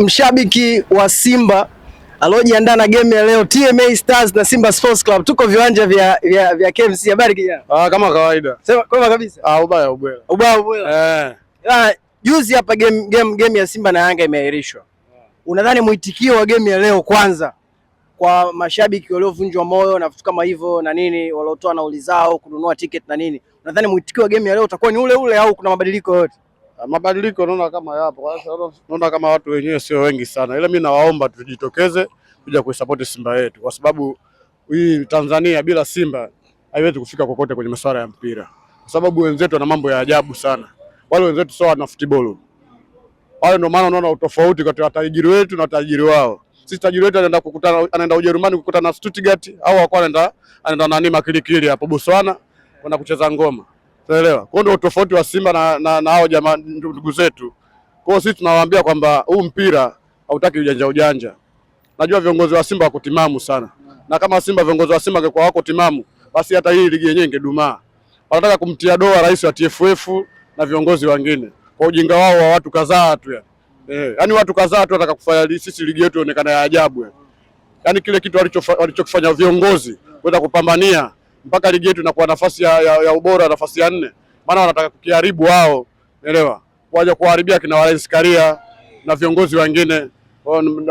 mshabiki wa Simba aliojiandaa na game ya leo TMA Stars na Simba Sports Club, tuko viwanja vya vya, vya KMC. Habari kijana? Ah, kama kawaida. Sema kwema kabisa. Ah, ubaya ubwela. Ubaya ubwela. Eh. Ah, juzi hapa game, game, game ya Simba na Yanga imeahirishwa. Yeah. Unadhani mwitikio wa game ya leo kwanza kwa mashabiki waliovunjwa moyo na vitu kama hivyo na nini waliotoa nauli zao kununua ticket na nini, unadhani mwitikio wa game ya leo utakuwa ni ule ule au kuna mabadiliko yote? Ah, mabadiliko naona kama yapo, naona kama watu wenyewe sio wengi sana, ila mimi nawaomba tujitokeze kuja kuisapoti Simba yetu, kwa sababu hii Tanzania bila Simba haiwezi kufika kokote kwenye masuala ya mpira, kwa sababu wenzetu wana mambo ya ajabu sana. Wale wenzetu sio wana football wale, ndio maana unaona utofauti kati ya tajiri wetu na tajiri wao. Sisi tajiri wetu anaenda kukutana, anaenda Ujerumani kukutana na Stuttgart, au anaenda anaenda nani makilikili hapo Botswana kwenda kucheza ngoma. Unaelewa? Kwa ndio tofauti wa Simba na na, na hao jamaa ndugu zetu. Kwa hiyo sisi tunawaambia kwamba huu mpira hautaki ujanja ujanja. Najua viongozi wa Simba wako timamu sana. Na kama Simba viongozi wa Simba wangekuwa wako timamu, basi hata hii ligi yenyewe ingedumaa. Wanataka kumtia doa rais wa TFF na viongozi wengine kwa ujinga wao wa watu kadhaa tu yani. Eh, yani watu kadhaa tu wanataka kufanya sisi ligi yetu ionekane ya ajabu. Yani kile kitu walichokifanya viongozi kwenda kupambania mpaka ligi yetu inakuwa nafasi ya, ya, ya ubora nafasi ya nne, maana wanataka kukiharibu wao, unaelewa, waje kuharibia kina Wallace Karia na viongozi wengine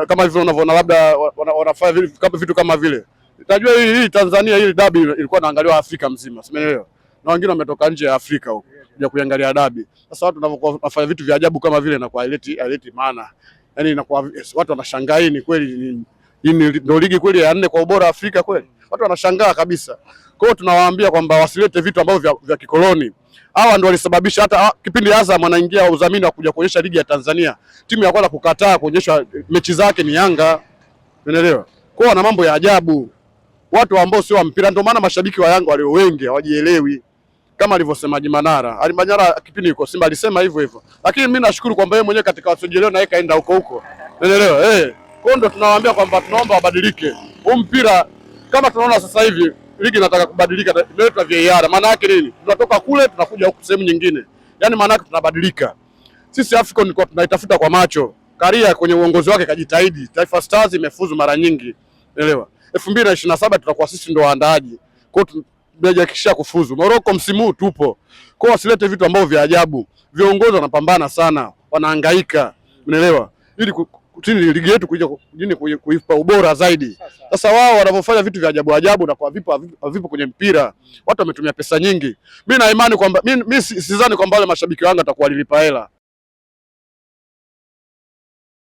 kama hivyo unavyoona, labda wanafanya vile vitu kama vile. Najua hii hii Tanzania hii dabi ilikuwa inaangaliwa Afrika mzima, simeelewa, na wengine wametoka nje ya Afrika huko kuja kuangalia dabi. Sasa watu wanavyokuwa wafanya vitu vya ajabu kama vile, na kwa ileti ileti maana, yani inakuwa watu wanashangaa, hii ni kweli, hii ndio ligi kweli ya nne kwa ubora Afrika kweli? Watu wanashangaa kabisa. Kwa hiyo tunawaambia kwamba wasilete vitu ambavyo vya, vya kikoloni. Hawa ndio walisababisha hata ah, kipindi Azam anaingia udhamini wa kuja kuonyesha ligi ya Tanzania, timu ya kwanza kukataa kuonyesha mechi zake ni Yanga, unaelewa? Kwa hiyo wana mambo ya ajabu watu ambao sio wa mpira. Ndio maana mashabiki wa Yanga walio wengi hawajielewi, kama alivyosema Jimanara alimanyara kipindi yuko Simba alisema hivyo hivyo, lakini mimi nashukuru kwamba yeye mwenyewe katika wasojeleo naye kaenda huko huko, unaelewa eh? Kwa hiyo ndio tunawaambia kwamba tunaomba wabadilike huu mpira, kama tunaona sasa hivi ligi inataka kubadilika, imeleta VAR. Maana yake nini? Tunatoka kule tunakuja huku sehemu nyingine, yani maana yake tunabadilika. Sisi Afrika kwa tunaitafuta kwa macho. Karia kwenye uongozi wake kajitahidi, Taifa Stars imefuzu mara nyingi, elewa. 2027 mbili tutakuwa sisi ndio waandaaji, kwa hiyo tunajiakikishia kufuzu. Morocco msimu huu tupo, kwa hiyo wasilete vitu ambavyo vya ajabu. Viongozi wanapambana sana, wanahangaika, unaelewa, ili tini ligi yetu kuja kujini kuipa ubora zaidi. Sasa wao wanavyofanya vitu vya ajabu ajabu na kwa vipo vipo kwenye mpira, watu wametumia pesa nyingi. Mimi na imani kwamba mimi sidhani kwamba wale mashabiki wangu watakuwa walilipa hela